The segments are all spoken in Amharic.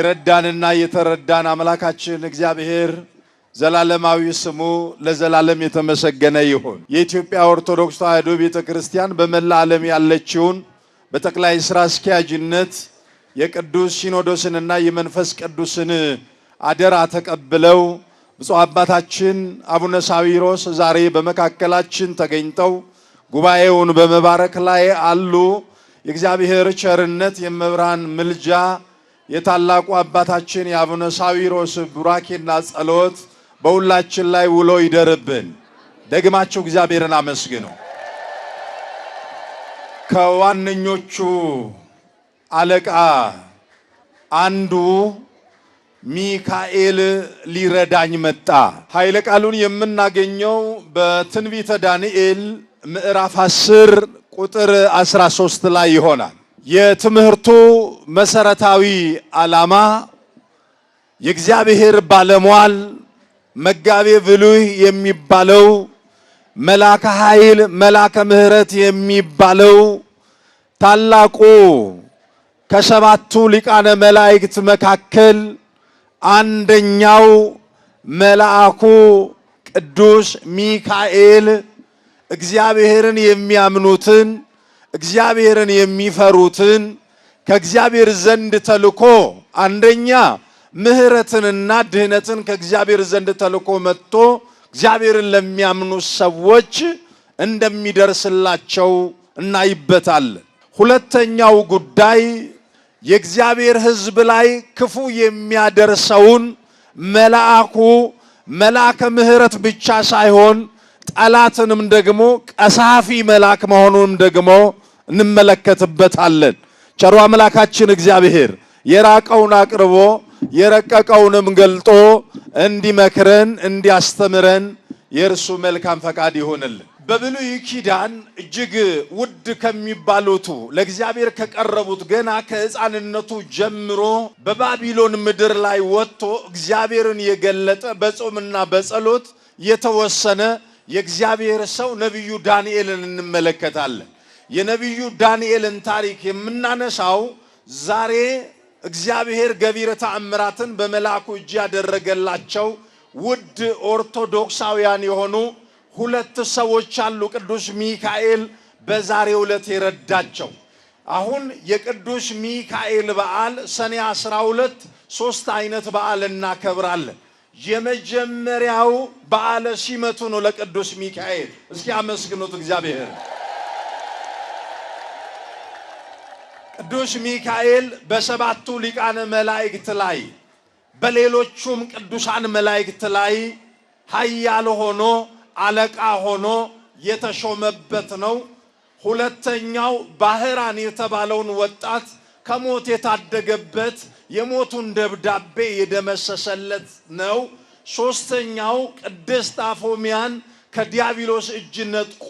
የረዳንና የተረዳን አምላካችን እግዚአብሔር ዘላለማዊ ስሙ ለዘላለም የተመሰገነ ይሁን። የኢትዮጵያ ኦርቶዶክስ ተዋሕዶ ቤተ ክርስቲያን በመላ ዓለም ያለችውን በጠቅላይ ሥራ አስኪያጅነት የቅዱስ ሲኖዶስንና የመንፈስ ቅዱስን አደራ ተቀብለው ብፁዕ አባታችን አቡነ ሳዊሮስ ዛሬ በመካከላችን ተገኝተው ጉባኤውን በመባረክ ላይ አሉ። የእግዚአብሔር ቸርነት የመብራን ምልጃ የታላቁ አባታችን የአቡነ ሳዊሮስ ቡራኬና ጸሎት በሁላችን ላይ ውሎ ይደርብን። ደግማችሁ እግዚአብሔርን አመስግኑ። ከዋነኞቹ አለቃ አንዱ ሚካኤል ሊረዳኝ መጣ። ኃይለ ቃሉን የምናገኘው በትንቢተ ዳንኤል ምዕራፍ 10 ቁጥር 13 ላይ ይሆናል። የትምህርቱ መሰረታዊ ዓላማ የእግዚአብሔር ባለሟል መጋቤ ብሉይ የሚባለው መላከ ኃይል መላከ ምሕረት የሚባለው ታላቁ ከሰባቱ ሊቃነ መላእክት መካከል አንደኛው መልአኩ ቅዱስ ሚካኤል እግዚአብሔርን የሚያምኑትን እግዚአብሔርን የሚፈሩትን ከእግዚአብሔር ዘንድ ተልኮ አንደኛ ምሕረትንና ድህነትን ከእግዚአብሔር ዘንድ ተልኮ መጥቶ እግዚአብሔርን ለሚያምኑ ሰዎች እንደሚደርስላቸው እናይበታለን። ሁለተኛው ጉዳይ የእግዚአብሔር ሕዝብ ላይ ክፉ የሚያደርሰውን መልአኩ መልአከ ምሕረት ብቻ ሳይሆን ጠላትንም ደግሞ ቀሳፊ መልአክ መሆኑንም ደግሞ እንመለከትበታለን። ቸሩ አምላካችን እግዚአብሔር የራቀውን አቅርቦ የረቀቀውንም ገልጦ እንዲመክረን እንዲያስተምረን የእርሱ መልካም ፈቃድ ይሆንልን። በብሉይ ኪዳን እጅግ ውድ ከሚባሉቱ ለእግዚአብሔር ከቀረቡት ገና ከሕፃንነቱ ጀምሮ በባቢሎን ምድር ላይ ወጥቶ እግዚአብሔርን የገለጠ በጾምና በጸሎት የተወሰነ የእግዚአብሔር ሰው ነቢዩ ዳንኤልን እንመለከታለን። የነቢዩ ዳንኤልን ታሪክ የምናነሳው ዛሬ እግዚአብሔር ገቢረ ተአምራትን በመልአኩ እጅ ያደረገላቸው ውድ ኦርቶዶክሳውያን የሆኑ ሁለት ሰዎች አሉ። ቅዱስ ሚካኤል በዛሬው ዕለት የረዳቸው። አሁን የቅዱስ ሚካኤል በዓል ሰኔ 12 ሶስት አይነት በዓል እናከብራለን። የመጀመሪያው በዓለ ሲመቱ ነው ለቅዱስ ሚካኤል። እስኪ አመስግኑት እግዚአብሔር ቅዱስ ሚካኤል በሰባቱ ሊቃነ መላእክት ላይ በሌሎቹም ቅዱሳን መላእክት ላይ ኃያል ሆኖ አለቃ ሆኖ የተሾመበት ነው። ሁለተኛው ባህራን የተባለውን ወጣት ከሞት የታደገበት የሞቱን ደብዳቤ የደመሰሰለት ነው። ሶስተኛው ቅድስት አፎሚያን ከዲያብሎስ እጅ ነጥቆ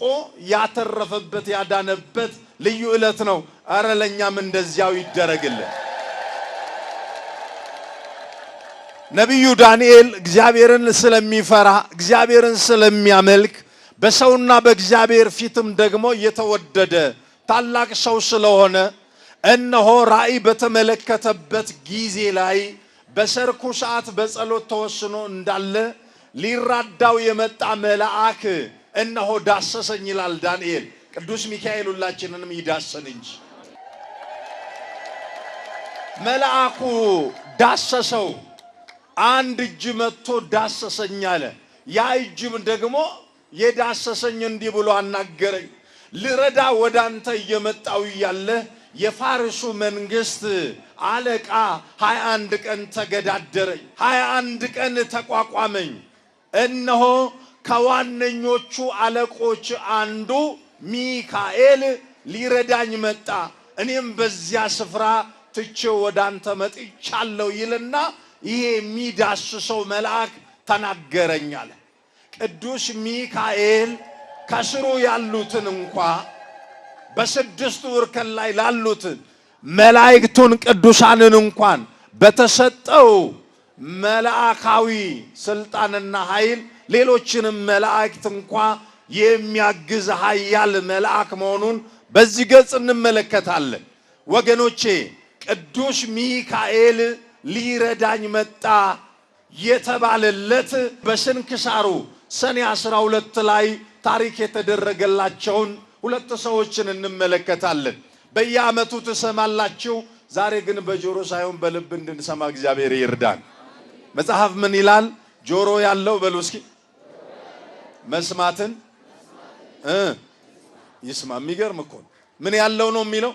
ያተረፈበት ያዳነበት ልዩ ዕለት ነው። አረ ለእኛም እንደዚያው ይደረግልን። ነቢዩ ዳንኤል እግዚአብሔርን ስለሚፈራ እግዚአብሔርን ስለሚያመልክ በሰውና በእግዚአብሔር ፊትም ደግሞ የተወደደ ታላቅ ሰው ስለሆነ እነሆ ራእይ በተመለከተበት ጊዜ ላይ በሰርኩ ሰዓት በጸሎት ተወስኖ እንዳለ ሊራዳው የመጣ መልአክ እነሆ ዳሰሰኝ ይላል ዳንኤል። ቅዱስ ሚካኤል ሁላችንንም ይዳስን እንጂ መልአኩ ዳሰሰው። አንድ እጅ መጥቶ ዳሰሰኝ አለ። ያ እጅ ደግሞ የዳሰሰኝ እንዲህ ብሎ አናገረኝ። ልረዳ ወደ አንተ እየመጣው እያለ የፋርሱ መንግስት አለቃ ሀያ አንድ ቀን ተገዳደረኝ፣ ሀያ አንድ ቀን ተቋቋመኝ። እነሆ ከዋነኞቹ አለቆች አንዱ ሚካኤል ሊረዳኝ መጣ፣ እኔም በዚያ ስፍራ ትቼው ወደ አንተ መጥቻለሁ ይልና ይሄ የሚዳስሰው መልአክ ተናገረኛል። ቅዱስ ሚካኤል ከስሩ ያሉትን እንኳ በስድስቱ እርከን ላይ ላሉትን መላእክቱን ቅዱሳንን እንኳን በተሰጠው መልአካዊ ስልጣንና ኃይል ሌሎችንም መላእክት እንኳ የሚያግዝ ኃያል መልአክ መሆኑን በዚህ ገጽ እንመለከታለን። ወገኖቼ ቅዱስ ሚካኤል ሊረዳኝ መጣ የተባለለት በስንክሳሩ ሰኔ 12 ላይ ታሪክ የተደረገላቸውን ሁለት ሰዎችን እንመለከታለን። በየዓመቱ ትሰማላችሁ። ዛሬ ግን በጆሮ ሳይሆን በልብ እንድንሰማ እግዚአብሔር ይርዳን። መጽሐፍ ምን ይላል? ጆሮ ያለው በሉ እስኪ መስማትን ይስማ። የሚገርም እኮ ምን ያለው ነው የሚለው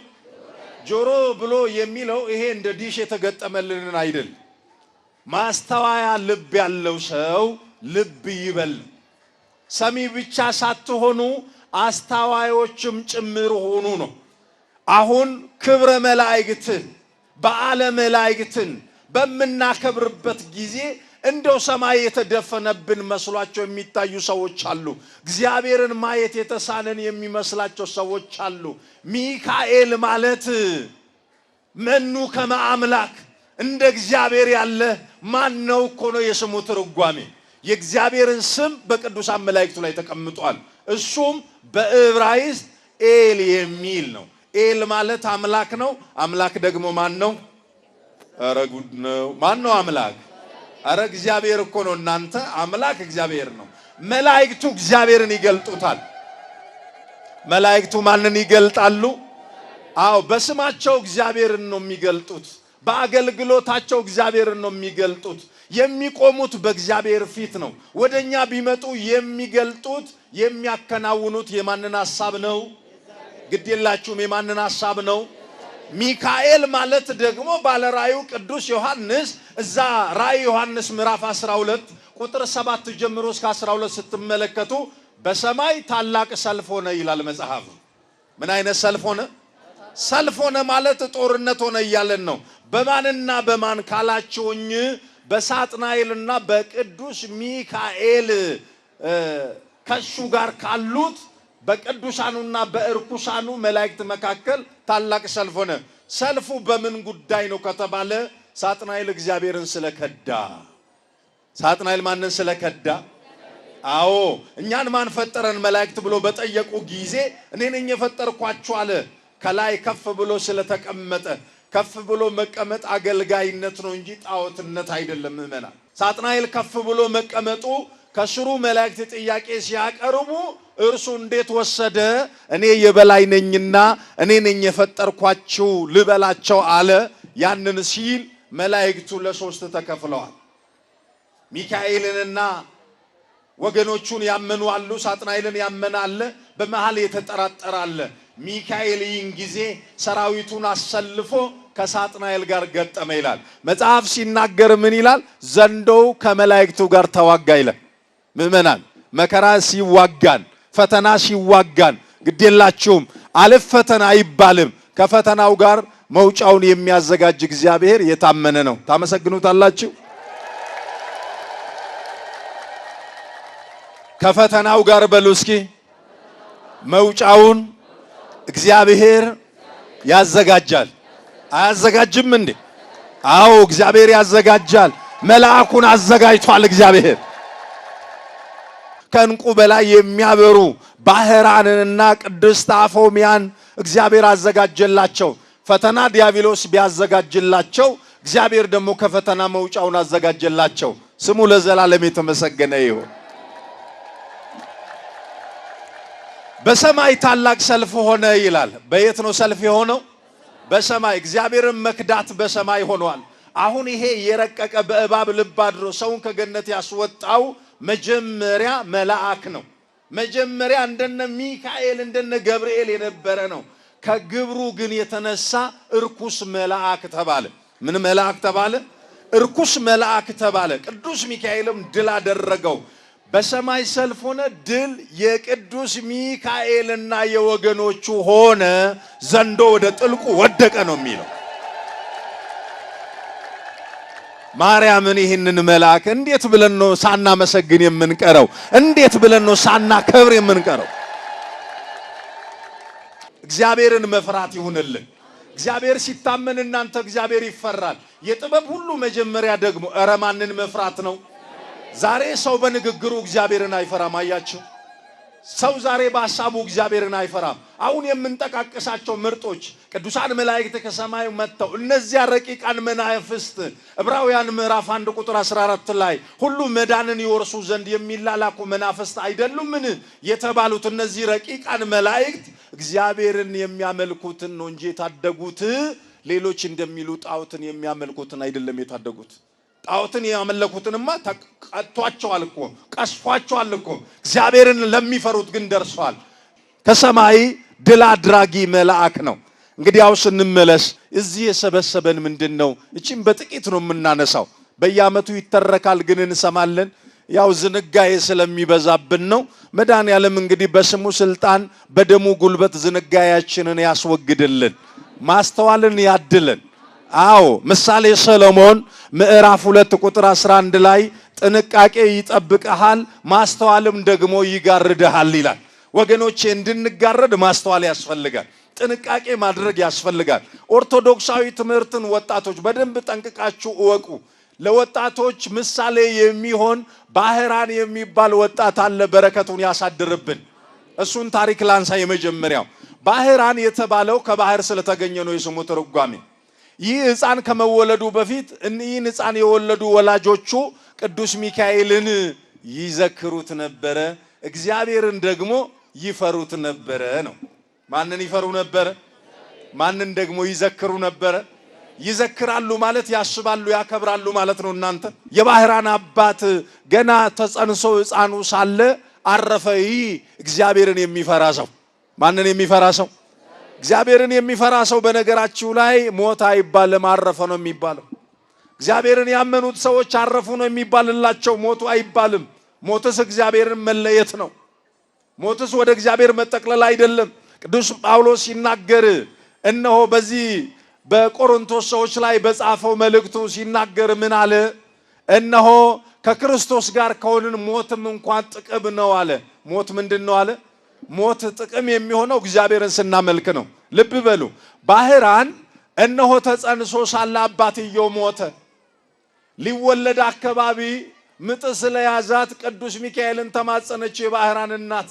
ጆሮ ብሎ የሚለው ይሄ እንደ ዲሽ የተገጠመልንን አይደል። ማስተዋያ ልብ ያለው ሰው ልብ ይበል። ሰሚ ብቻ ሳትሆኑ አስተዋዮችም ጭምር ሆኑ ነው። አሁን ክብረ መላእክትን በዓለ መላእክትን በምናከብርበት ጊዜ እንደው ሰማይ የተደፈነብን መስሏቸው የሚታዩ ሰዎች አሉ። እግዚአብሔርን ማየት የተሳነን የሚመስላቸው ሰዎች አሉ። ሚካኤል ማለት መኑ ከመ አምላክ እንደ እግዚአብሔር ያለ ማን ነው እኮ ነው የስሙ ትርጓሜ። የእግዚአብሔርን ስም በቅዱሳን መላእክቱ ላይ ተቀምጧል። እሱም በዕብራይስጥ ኤል የሚል ነው። ኤል ማለት አምላክ ነው። አምላክ ደግሞ ማን ነው? ኧረ ጉድ ነው። ማን ነው አምላክ? አረ እግዚአብሔር እኮ ነው እናንተ አምላክ እግዚአብሔር ነው። መላእክቱ እግዚአብሔርን ይገልጡታል። መላእክቱ ማንን ይገልጣሉ? አዎ በስማቸው እግዚአብሔርን ነው የሚገልጡት። በአገልግሎታቸው እግዚአብሔርን ነው የሚገልጡት። የሚቆሙት በእግዚአብሔር ፊት ነው። ወደኛ ቢመጡ የሚገልጡት የሚያከናውኑት የማንን ሐሳብ ነው? ግድ የላችሁም። የማንን ሐሳብ ነው? ሚካኤል ማለት ደግሞ ባለራዩ ቅዱስ ዮሐንስ እዛ ራእይ ዮሐንስ ምዕራፍ 12 ቁጥር 7 ጀምሮ እስከ 12 ስትመለከቱ በሰማይ ታላቅ ሰልፍ ሆነ ይላል መጽሐፍ። ምን አይነት ሰልፍ ሆነ? ሰልፍ ሆነ ማለት ጦርነት ሆነ እያለን ነው። በማንና በማን ካላችሁኝ በሳጥናኤልና በቅዱስ ሚካኤል ከሱ ጋር ካሉት በቅዱሳኑና በእርኩሳኑ መላእክት መካከል ታላቅ ሰልፍ ሆነ። ሰልፉ በምን ጉዳይ ነው ከተባለ ሳጥናኤል እግዚአብሔርን ስለከዳ። ሳጥናኤል ማንን ስለከዳ? አዎ እኛን ማን ፈጠረን መላእክት ብሎ በጠየቁ ጊዜ እኔ ነኝ የፈጠርኳችሁ አለ። ከላይ ከፍ ብሎ ስለተቀመጠ ከፍ ብሎ መቀመጥ አገልጋይነት ነው እንጂ ጣዖትነት አይደለም። ምዕመናን ሳጥናኤል ከፍ ብሎ መቀመጡ ከስሩ መላእክት ጥያቄ ሲያቀርቡ እርሱ እንዴት ወሰደ? እኔ የበላይ ነኝና እኔ ነኝ የፈጠርኳችሁ ልበላቸው አለ። ያንን ሲል መላእክቱ ለሶስት ተከፍለዋል። ሚካኤልንና ወገኖቹን ያመኑ አሉ። ሳጥናኤልን ያመነ አለ። በመሃል የተጠራጠረ አለ። ሚካኤል ይህን ጊዜ ሰራዊቱን አሰልፎ ከሳጥናኤል ጋር ገጠመ ይላል መጽሐፍ። ሲናገር ምን ይላል? ዘንዶው ከመላእክቱ ጋር ተዋጋ ይላል። ምእመናን መከራ ሲዋጋን፣ ፈተና ሲዋጋን ግዴላችሁም አልፍ ፈተና አይባልም። ከፈተናው ጋር መውጫውን የሚያዘጋጅ እግዚአብሔር የታመነ ነው። ታመሰግኑታላችሁ። ከፈተናው ጋር በሉ እስኪ መውጫውን እግዚአብሔር ያዘጋጃል። አያዘጋጅም እንዴ? አዎ፣ እግዚአብሔር ያዘጋጃል። መልአኩን አዘጋጅቷል እግዚአብሔር ከእንቁ በላይ የሚያበሩ ባህራንንና ቅድስት አፎሚያን እግዚአብሔር አዘጋጀላቸው። ፈተና ዲያብሎስ ቢያዘጋጅላቸው እግዚአብሔር ደግሞ ከፈተና መውጫውን አዘጋጀላቸው። ስሙ ለዘላለም የተመሰገነ ይሁን። በሰማይ ታላቅ ሰልፍ ሆነ ይላል። በየት ነው ሰልፍ የሆነው? በሰማይ እግዚአብሔርን መክዳት በሰማይ ሆኗል። አሁን ይሄ የረቀቀ በእባብ ልብ አድሮ ሰውን ከገነት ያስወጣው መጀመሪያ መልአክ ነው። መጀመሪያ እንደነ ሚካኤል እንደነ ገብርኤል የነበረ ነው። ከግብሩ ግን የተነሳ እርኩስ መልአክ ተባለ። ምን መልአክ ተባለ? እርኩስ መልአክ ተባለ። ቅዱስ ሚካኤልም ድል አደረገው። በሰማይ ሰልፍ ሆነ። ድል የቅዱስ ሚካኤልና የወገኖቹ ሆነ። ዘንዶ ወደ ጥልቁ ወደቀ ነው የሚለው ማርያምን ይህንን መልአክ እንዴት ብለን ነው ሳናመሰግን የምንቀረው? እንዴት ብለን ነው ሳናከብር የምንቀረው? እግዚአብሔርን መፍራት ይሁንልን። እግዚአብሔር ሲታመን እናንተ እግዚአብሔር ይፈራል። የጥበብ ሁሉ መጀመሪያ ደግሞ እረ ማንን መፍራት ነው? ዛሬ ሰው በንግግሩ እግዚአብሔርን አይፈራም። አያችሁ? ሰው ዛሬ በሀሳቡ እግዚአብሔርን አይፈራም። አሁን የምንጠቃቀሳቸው ምርጦች ቅዱሳን መላእክት ከሰማይ መጥተው እነዚያ ረቂቃን መናፍስት ዕብራውያን ምዕራፍ 1 ቁጥር 14 ላይ ሁሉ መዳንን ይወርሱ ዘንድ የሚላላኩ መናፍስት አይደሉምን የተባሉት እነዚህ ረቂቃን መላእክት እግዚአብሔርን የሚያመልኩትን ነው እንጂ የታደጉት ሌሎች እንደሚሉ ጣዖትን የሚያመልኩትን አይደለም የታደጉት። ጣዖትን ያመለኩትንማ ቀጥቷቸዋል እኮ ቀስፏቸዋል እኮ። እግዚአብሔርን ለሚፈሩት ግን ደርሷል። ከሰማይ ድል አድራጊ መልአክ ነው። እንግዲህ ያው ስንመለስ እዚህ የሰበሰበን ምንድን ነው? እቺም በጥቂት ነው የምናነሳው። በየዓመቱ ይተረካል ግን እንሰማለን። ያው ዝንጋዬ ስለሚበዛብን ነው። መዳን መድኃኔዓለም እንግዲህ በስሙ ስልጣን፣ በደሙ ጉልበት ዝንጋያችንን ያስወግድልን፣ ማስተዋልን ያድልን። አዎ ምሳሌ ሰሎሞን ምዕራፍ ሁለት ቁጥር 11 ላይ ጥንቃቄ ይጠብቀሃል ማስተዋልም ደግሞ ይጋርድሃል ይላል። ወገኖቼ እንድንጋረድ ማስተዋል ያስፈልጋል። ጥንቃቄ ማድረግ ያስፈልጋል። ኦርቶዶክሳዊ ትምህርትን ወጣቶች በደንብ ጠንቅቃችሁ እወቁ። ለወጣቶች ምሳሌ የሚሆን ባህራን የሚባል ወጣት አለ። በረከቱን ያሳድርብን። እሱን ታሪክ ላንሳ። የመጀመሪያው ባህራን የተባለው ከባህር ስለተገኘ ነው የስሙ ትርጓሜ ይህ ሕፃን ከመወለዱ በፊት ይህን ሕፃን የወለዱ ወላጆቹ ቅዱስ ሚካኤልን ይዘክሩት ነበረ፣ እግዚአብሔርን ደግሞ ይፈሩት ነበረ ነው። ማንን ይፈሩ ነበረ? ማንን ደግሞ ይዘክሩ ነበረ? ይዘክራሉ ማለት ያስባሉ፣ ያከብራሉ ማለት ነው። እናንተ የባህራን አባት ገና ተጸንሶ ሕፃኑ ሳለ አረፈ። ይህ እግዚአብሔርን የሚፈራ ሰው ማንን የሚፈራ ሰው እግዚአብሔርን የሚፈራ ሰው በነገራችሁ ላይ ሞት አይባልም፣ አረፈ ነው የሚባለው። እግዚአብሔርን ያመኑት ሰዎች አረፉ ነው የሚባልላቸው፣ ሞቱ አይባልም። ሞትስ እግዚአብሔርን መለየት ነው። ሞትስ ወደ እግዚአብሔር መጠቅለል አይደለም። ቅዱስ ጳውሎስ ሲናገር እነሆ በዚህ በቆሮንቶስ ሰዎች ላይ በጻፈው መልእክቱ ሲናገር ምን አለ? እነሆ ከክርስቶስ ጋር ከሆንን ሞትም እንኳን ጥቅም ነው አለ። ሞት ምንድን ነው አለ? ሞት ጥቅም የሚሆነው እግዚአብሔርን ስናመልክ ነው። ልብ በሉ። ባህራን እነሆ ተጸንሶ ሳለ አባትየው ሞተ። ሊወለድ አካባቢ ምጥ ስለያዛት ቅዱስ ሚካኤልን ተማጸነች የባህራን እናት።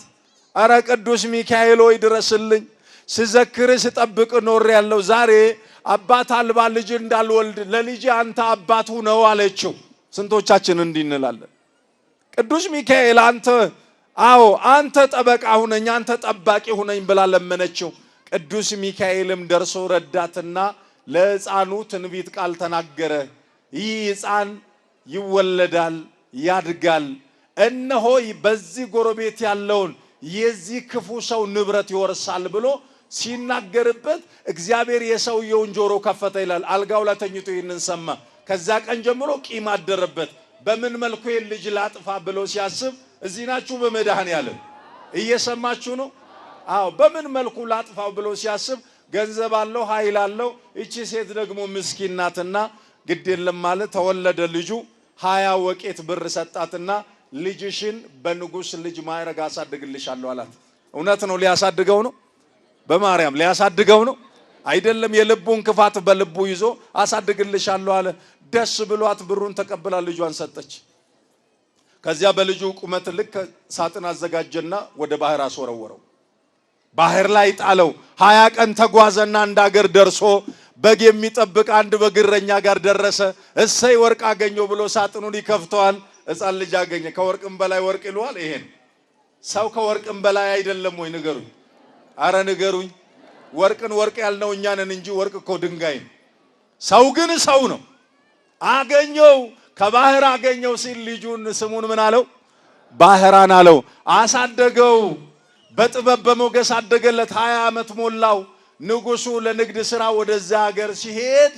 አረ ቅዱስ ሚካኤል ሆይ ድረስልኝ፣ ስዘክር ስጠብቅ ኖር ያለው ዛሬ አባት አልባ ልጅ እንዳልወልድ ለልጅ አንተ አባቱ ነው አለችው። ስንቶቻችን እንዲህ እንላለን? ቅዱስ ሚካኤል አንተ አዎ አንተ ጠበቃ ሁነኝ፣ አንተ ጠባቂ ሁነኝ ብላ ለመነችው። ቅዱስ ሚካኤልም ደርሶ ረዳትና ለሕፃኑ ትንቢት ቃል ተናገረ። ይህ ሕፃን ይወለዳል፣ ያድጋል፣ እነሆ በዚህ ጎረቤት ያለውን የዚህ ክፉ ሰው ንብረት ይወርሳል ብሎ ሲናገርበት እግዚአብሔር የሰውየውን ጆሮ ከፈተ ይላል። አልጋው ላይ ተኝቶ ይህንን ሰማ። ከዛ ቀን ጀምሮ ቂም አደረበት። በምን መልኩ ልጅ ላጥፋ ብሎ ሲያስብ እዚህ ናችሁ በመድኃኔ እየሰማችሁ ነው? አዎ። በምን መልኩ ላጥፋው ብሎ ሲያስብ ገንዘብ አለው፣ ኃይል አለው። እቺ ሴት ደግሞ ምስኪን ናትና ግድ የለም ማለት ተወለደ ልጁ። ሀያ ወቄት ብር ሰጣትና ልጅሽን በንጉስ ልጅ ማዕረግ አሳድግልሻለሁ አላት። እውነት ነው። ሊያሳድገው ነው። በማርያም ሊያሳድገው ነው። አይደለም የልቡን ክፋት በልቡ ይዞ አሳድግልሻለሁ አለ። ደስ ብሏት ብሩን ተቀብላ ልጇን ሰጠች። ከዚያ በልጁ ቁመት ልክ ሳጥን አዘጋጀና ወደ ባህር አስወረወረው። ባህር ላይ ጣለው። ሀያ ቀን ተጓዘና አንድ አገር ደርሶ በግ የሚጠብቅ አንድ በግረኛ ጋር ደረሰ። እሰይ ወርቅ አገኘው ብሎ ሳጥኑን ይከፍተዋል። ሕፃን ልጅ አገኘ። ከወርቅም በላይ ወርቅ ይለዋል። ይሄን ሰው ከወርቅም በላይ አይደለም ወይ? ንገሩኝ። አረ ንገሩኝ። ወርቅን ወርቅ ያልነው እኛንን እንጂ ወርቅ እኮ ድንጋይ ነው። ሰው ግን ሰው ነው። አገኘው ከባህር አገኘው ሲል ልጁን ስሙን ምን አለው? ባህራን አለው። አሳደገው፣ በጥበብ በሞገስ አደገለት። ሀያ ዓመት ሞላው። ንጉሱ ለንግድ ስራ ወደዚያ ሀገር ሲሄድ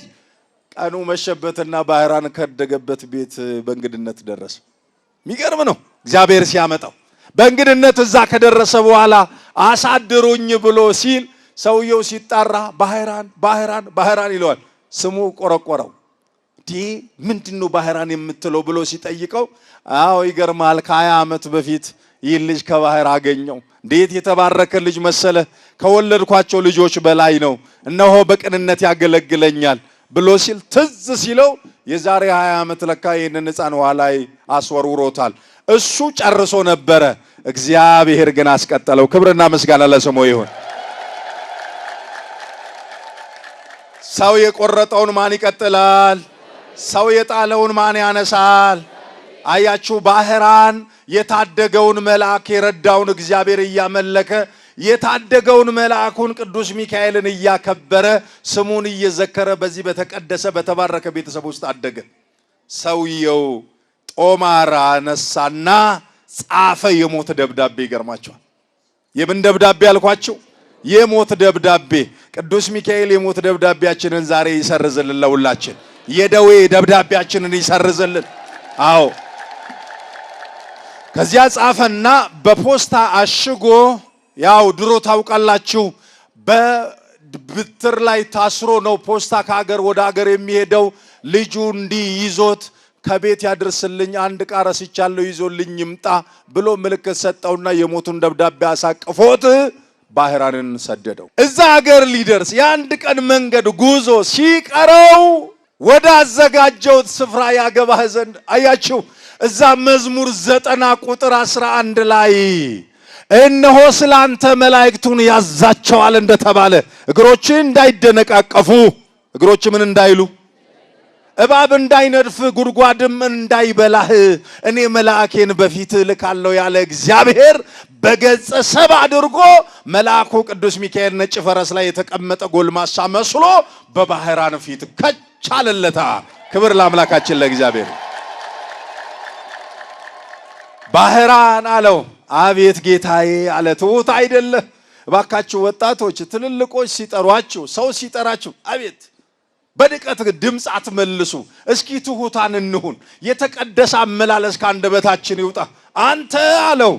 ቀኑ መሸበትና ባህራን ካደገበት ቤት በእንግድነት ደረሰ። የሚገርም ነው እግዚአብሔር ሲያመጣው። በእንግድነት እዛ ከደረሰ በኋላ አሳድሩኝ ብሎ ሲል ሰውየው ሲጣራ ባህራን ባህራን ባህራን ይለዋል። ስሙ ቆረቆረው። እንዴ ምንድን ነው ባህራን የምትለው ብሎ ሲጠይቀው፣ አዎ ይገርማል፣ ከሀያ ዓመት በፊት ይህ ልጅ ከባህር አገኘው። እንዴት የተባረከ ልጅ መሰለ! ከወለድኳቸው ልጆች በላይ ነው። እነሆ በቅንነት ያገለግለኛል ብሎ ሲል ትዝ ሲለው የዛሬ 20 ዓመት ለካ ይህንን ሕፃን ውሃ ላይ አስወርውሮታል። እሱ ጨርሶ ነበረ፣ እግዚአብሔር ግን አስቀጠለው። ክብርና ምስጋና ለስሙ ይሁን። ሰው የቆረጠውን ማን ይቀጥላል? ሰው የጣለውን ማን ያነሳል? አያችሁ፣ ባህራን የታደገውን መልአክ የረዳውን እግዚአብሔር እያመለከ የታደገውን መልአኩን ቅዱስ ሚካኤልን እያከበረ ስሙን እየዘከረ በዚህ በተቀደሰ በተባረከ ቤተሰብ ውስጥ አደገ። ሰውየው ጦማራ አነሳና ጻፈ የሞት ደብዳቤ። ይገርማቸዋል። የምን ደብዳቤ አልኳችሁ? የሞት ደብዳቤ። ቅዱስ ሚካኤል የሞት ደብዳቤያችንን ዛሬ ይሰርዝልን ለሁላችን። የደዌ ደብዳቤያችንን ይሰርዝልን። አዎ ከዚያ ጻፈና በፖስታ አሽጎ ያው ድሮ ታውቃላችሁ በብትር ላይ ታስሮ ነው ፖስታ ከሀገር ወደ ሀገር የሚሄደው። ልጁ እንዲህ ይዞት ከቤት ያድርስልኝ፣ አንድ ዕቃ ረስቻለሁ፣ ይዞልኝ ይምጣ ብሎ ምልክት ሰጠውና የሞቱን ደብዳቤ አሳቅፎት ባህራንን ሰደደው። እዛ ሀገር ሊደርስ የአንድ ቀን መንገድ ጉዞ ሲቀረው ወደ አዘጋጀውት ስፍራ ያገባህ ዘንድ። አያችሁ እዛ መዝሙር ዘጠና ቁጥር አስራ አንድ ላይ እነሆ ስለ አንተ መላእክቱን ያዛቸዋል እንደተባለ እግሮች እንዳይደነቃቀፉ እግሮች ምን እንዳይሉ እባብ እንዳይነድፍ ጉድጓድም እንዳይበላህ እኔ መልአኬን በፊት ልካለሁ ያለ እግዚአብሔር በገጸ ሰብ አድርጎ መልአኩ ቅዱስ ሚካኤል ነጭ ፈረስ ላይ የተቀመጠ ጎልማሳ መስሎ በባህራን ፊት ከች ቻለለታ። ክብር ለአምላካችን ለእግዚአብሔር። ባህራን አለው፣ አቤት ጌታዬ አለ። ትሑት አይደለ እባካችሁ ወጣቶች፣ ትልልቆች ሲጠሯችሁ፣ ሰው ሲጠራችሁ አቤት በንቀት ድምፅ አትመልሱ። እስኪ ትሑታን እንሁን። የተቀደሰ አመላለስ ከአንደበታችን ይውጣ። አንተ አለው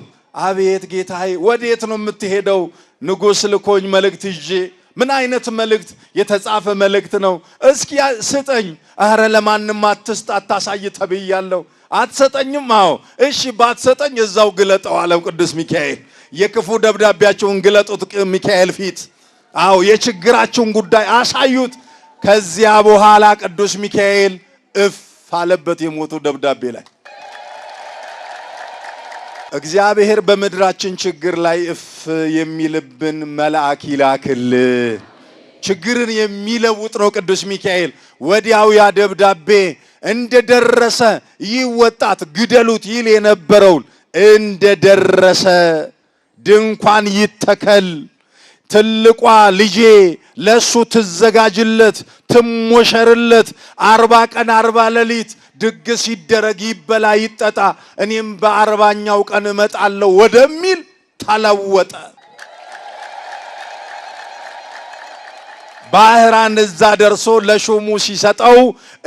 አቤት ጌታዬ፣ ወዴት ነው የምትሄደው? ንጉሥ ልኮኝ መልእክት ይዤ ምን አይነት መልእክት የተጻፈ መልእክት ነው? እስኪ ስጠኝ። አረ ለማንም አትስጥ አታሳይ ተብያለሁ። አትሰጠኝም? አዎ እሺ፣ ባትሰጠኝ እዛው ግለጠው አለው ቅዱስ ሚካኤል። የክፉ ደብዳቤያችሁን ግለጡት ሚካኤል ፊት። አዎ የችግራችሁን ጉዳይ አሳዩት። ከዚያ በኋላ ቅዱስ ሚካኤል እፍ አለበት የሞቱ ደብዳቤ ላይ እግዚአብሔር በምድራችን ችግር ላይ እፍ የሚልብን መልአክ ይላክል። ችግርን የሚለውጥ ነው ቅዱስ ሚካኤል። ወዲያው ያ ደብዳቤ እንደደረሰ ይህ ወጣት ግደሉት ይል የነበረውን እንደደረሰ ድንኳን ይተከል፣ ትልቋ ልጄ ለእሱ ትዘጋጅለት፣ ትሞሸርለት፣ አርባ ቀን አርባ ሌሊት ድግስ ይደረግ፣ ይበላ፣ ይጠጣ፣ እኔም በአርባኛው ቀን እመጣለሁ ወደሚል ተለወጠ። ባህራን እዛ ደርሶ ለሹሙ ሲሰጠው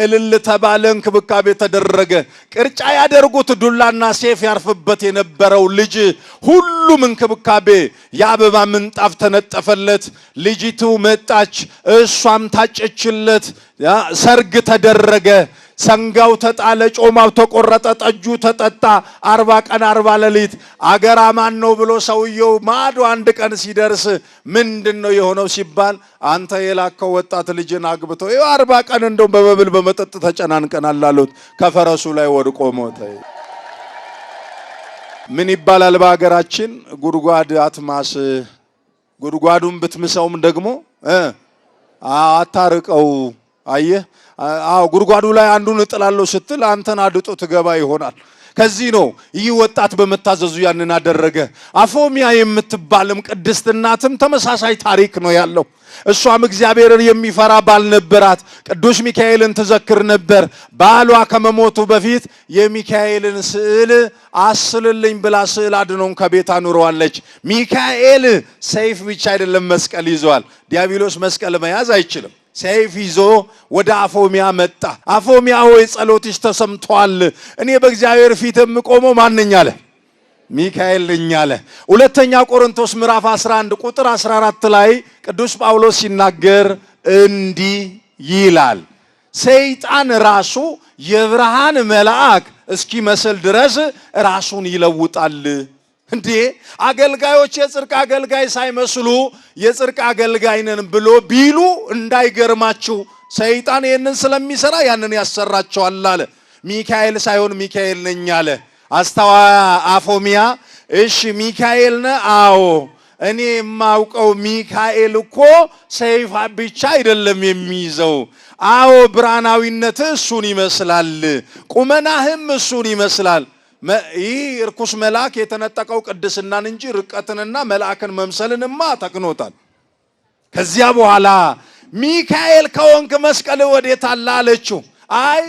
እልል ተባለ፣ እንክብካቤ ተደረገ። ቅርጫ ያደርጉት ዱላና ሴፍ ያርፍበት የነበረው ልጅ ሁሉም እንክብካቤ፣ የአበባ ምንጣፍ ተነጠፈለት። ልጅቱ መጣች፣ እሷም ታጨችለት። ሰርግ ተደረገ። ሰንጋው ተጣለ፣ ጮማው ተቆረጠ፣ ጠጁ ተጠጣ አርባ ቀን አርባ ሌሊት አገር አማን ነው ብሎ ሰውየው ማዶ አንድ ቀን ሲደርስ ምንድን ነው የሆነው ሲባል አንተ የላከው ወጣት ልጅን አግብቶ ይኸው አርባ ቀን እንደውም በመብል በመጠጥ ተጨናንቀናል አሉት። ከፈረሱ ላይ ወድቆ ሞተ። ምን ይባላል በሀገራችን ጉድጓድ አትማስ፣ ጉድጓዱን ብትምሰውም ደግሞ አታርቀው አየህ፣ አዎ ጉድጓዱ ላይ አንዱን እጥላለሁ ስትል አንተን አድጦ ትገባ ይሆናል። ከዚህ ነው ይህ ወጣት በመታዘዙ ያንን አደረገ። አፎሚያ የምትባልም ቅድስት እናትም ተመሳሳይ ታሪክ ነው ያለው። እሷም እግዚአብሔርን የሚፈራ ባል ነበራት። ቅዱስ ሚካኤልን ትዘክር ነበር። ባሏ ከመሞቱ በፊት የሚካኤልን ስዕል አስልልኝ ብላ ስዕል አድኖን ከቤት አኑረዋለች። ሚካኤል ሰይፍ ብቻ አይደለም መስቀል ይዘዋል። ዲያብሎስ መስቀል መያዝ አይችልም። ሰይፍ ይዞ ወደ አፎሚያ መጣ። አፎሚያ ሆይ ጸሎትሽ ተሰምቷል። እኔ በእግዚአብሔር ፊት የምቆመው ማንኛ አለ ሚካኤል ነኝ አለ። ሁለተኛ ቆሮንቶስ ምዕራፍ 11 ቁጥር 14 ላይ ቅዱስ ጳውሎስ ሲናገር እንዲህ ይላል ሰይጣን ራሱ የብርሃን መልአክ እስኪመስል ድረስ ራሱን ይለውጣል እንዴ አገልጋዮች የጽድቅ አገልጋይ ሳይመስሉ የጽድቅ አገልጋይ ነን ብሎ ቢሉ እንዳይገርማችሁ፣ ሰይጣን ይህንን ስለሚሰራ ያንን ያሰራቸዋል አለ። ሚካኤል ሳይሆን ሚካኤል ነኝ አለ። አስተዋ አፎሚያ እሺ ሚካኤል ነ አዎ እኔ የማውቀው ሚካኤል እኮ ሰይፍ ብቻ አይደለም የሚይዘው። አዎ ብርሃናዊነት እሱን ይመስላል፣ ቁመናህም እሱን ይመስላል። ይህ እርኩስ መልአክ የተነጠቀው ቅድስናን እንጂ ርቀትንና መልአክን መምሰልንማ ተክኖታል። ከዚያ በኋላ ሚካኤል ከወንክ መስቀል ወዴት አለ አለችው። አይ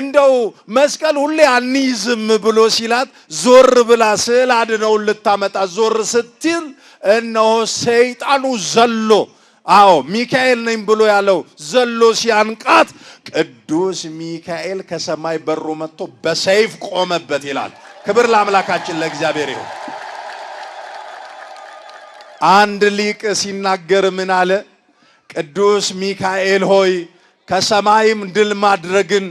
እንደው መስቀል ሁሌ አንይዝም ብሎ ሲላት ዞር ብላ ስዕል አድነውን ልታመጣ ዞር ስትል እነሆ ሰይጣኑ ዘሎ አዎ ሚካኤል ነኝ ብሎ ያለው ዘሎ ሲያንቃት ቅዱስ ሚካኤል ከሰማይ በሩ መጥቶ በሰይፍ ቆመበት ይላል። ክብር ለአምላካችን ለእግዚአብሔር ይሁን። አንድ ሊቅ ሲናገር ምን አለ? ቅዱስ ሚካኤል ሆይ ከሰማይም ድል ማድረግን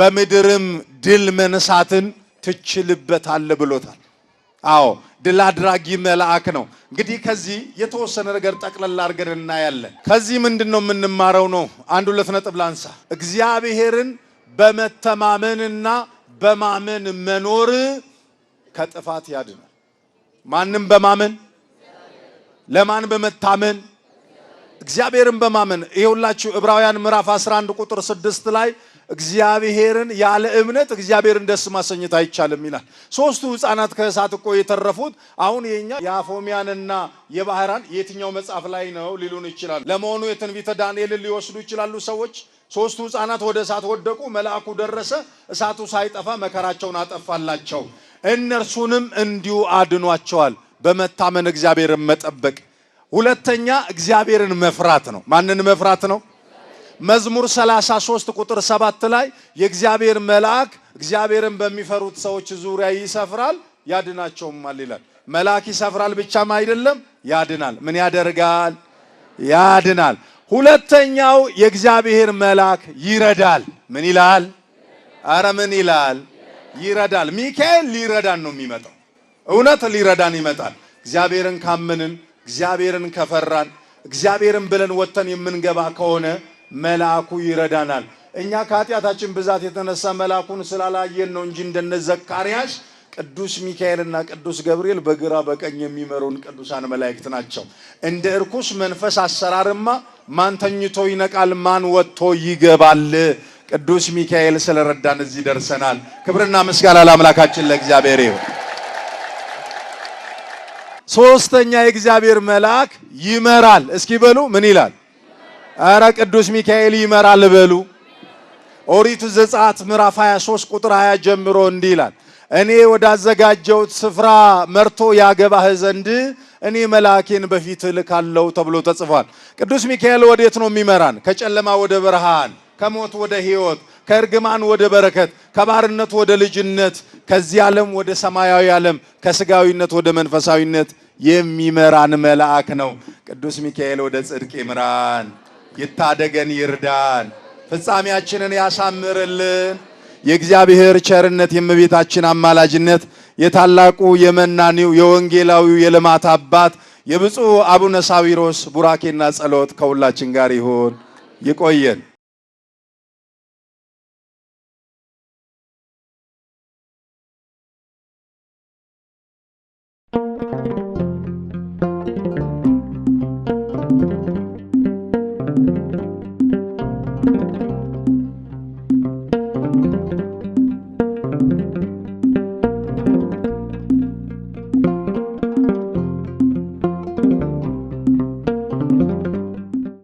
በምድርም ድል መንሳትን ትችልበታል ብሎታል። አዎ ድል አድራጊ መልአክ ነው። እንግዲህ ከዚህ የተወሰነ ነገር ጠቅለል አድርገን እናያለን። ከዚህ ምንድን ነው የምንማረው? ነው አንድ ሁለት ነጥብ ላንሳ። እግዚአብሔርን በመተማመንና በማመን መኖር ከጥፋት ያድናል። ማንም በማመን ለማን በመታመን እግዚአብሔርን በማመን ይኸውላችሁ ዕብራውያን ምዕራፍ 11 ቁጥር 6 ላይ እግዚአብሔርን ያለ እምነት እግዚአብሔርን ደስ ማሰኘት አይቻልም ይላል። ሶስቱ ህፃናት ከእሳት እኮ የተረፉት አሁን የኛ የአፎሚያንና የባህራን የትኛው መጽሐፍ ላይ ነው ሊሉን ይችላል። ለመሆኑ የትንቢተ ዳንኤልን ሊወስዱ ይችላሉ ሰዎች። ሶስቱ ህፃናት ወደ እሳት ወደቁ፣ መልአኩ ደረሰ፣ እሳቱ ሳይጠፋ መከራቸውን አጠፋላቸው፣ እነርሱንም እንዲሁ አድኗቸዋል። በመታመን እግዚአብሔርን መጠበቅ፣ ሁለተኛ እግዚአብሔርን መፍራት ነው። ማንን መፍራት ነው? መዝሙር 33 ቁጥር 7 ላይ የእግዚአብሔር መልአክ እግዚአብሔርን በሚፈሩት ሰዎች ዙሪያ ይሰፍራል ያድናቸውማል ይላል። መልአክ ይሰፍራል ብቻም አይደለም ያድናል። ምን ያደርጋል? ያድናል። ሁለተኛው የእግዚአብሔር መልአክ ይረዳል። ምን ይላል? አረ ምን ይላል? ይረዳል። ሚካኤል ሊረዳን ነው የሚመጣው። እውነት ሊረዳን ይመጣል። እግዚአብሔርን ካመንን፣ እግዚአብሔርን ከፈራን፣ እግዚአብሔርን ብለን ወጥተን የምንገባ ከሆነ መልአኩ ይረዳናል። እኛ ከኃጢአታችን ብዛት የተነሳ መልአኩን ስላላየን ነው እንጂ እንደነ ዘካርያስ ቅዱስ ሚካኤልና ቅዱስ ገብርኤል በግራ በቀኝ የሚመሩን ቅዱሳን መላእክት ናቸው። እንደ እርኩስ መንፈስ አሰራርማ ማን ተኝቶ ይነቃል? ማን ወጥቶ ይገባል? ቅዱስ ሚካኤል ስለረዳን እዚህ ደርሰናል። ክብርና ምስጋና ለአምላካችን ለእግዚአብሔር ይሁን። ሶስተኛ የእግዚአብሔር መልአክ ይመራል። እስኪ በሉ ምን ይላል? አረ ቅዱስ ሚካኤል ይመራል በሉ። ኦሪቱ ዘጸአት ምዕራፍ 23 ቁጥር 20 ጀምሮ እንዲህ ይላል፣ እኔ ወዳዘጋጀሁት ስፍራ መርቶ ያገባህ ዘንድ እኔ መልአኬን በፊት እልካለሁ ተብሎ ተጽፏል። ቅዱስ ሚካኤል ወዴት ነው የሚመራን? ከጨለማ ወደ ብርሃን፣ ከሞት ወደ ህይወት ከእርግማን ወደ በረከት፣ ከባርነት ወደ ልጅነት፣ ከዚህ ዓለም ወደ ሰማያዊ ዓለም፣ ከስጋዊነት ወደ መንፈሳዊነት የሚመራን መልአክ ነው። ቅዱስ ሚካኤል ወደ ጽድቅ ይምራን። ይታደገን፣ ይርዳን፣ ፍጻሜያችንን ያሳምርልን። የእግዚአብሔር ቸርነት፣ የእመቤታችን አማላጅነት፣ የታላቁ የመናኒው የወንጌላዊው የልማት አባት የብፁዕ አቡነ ሳዊሮስ ቡራኬና ጸሎት ከሁላችን ጋር ይሁን። ይቆየን።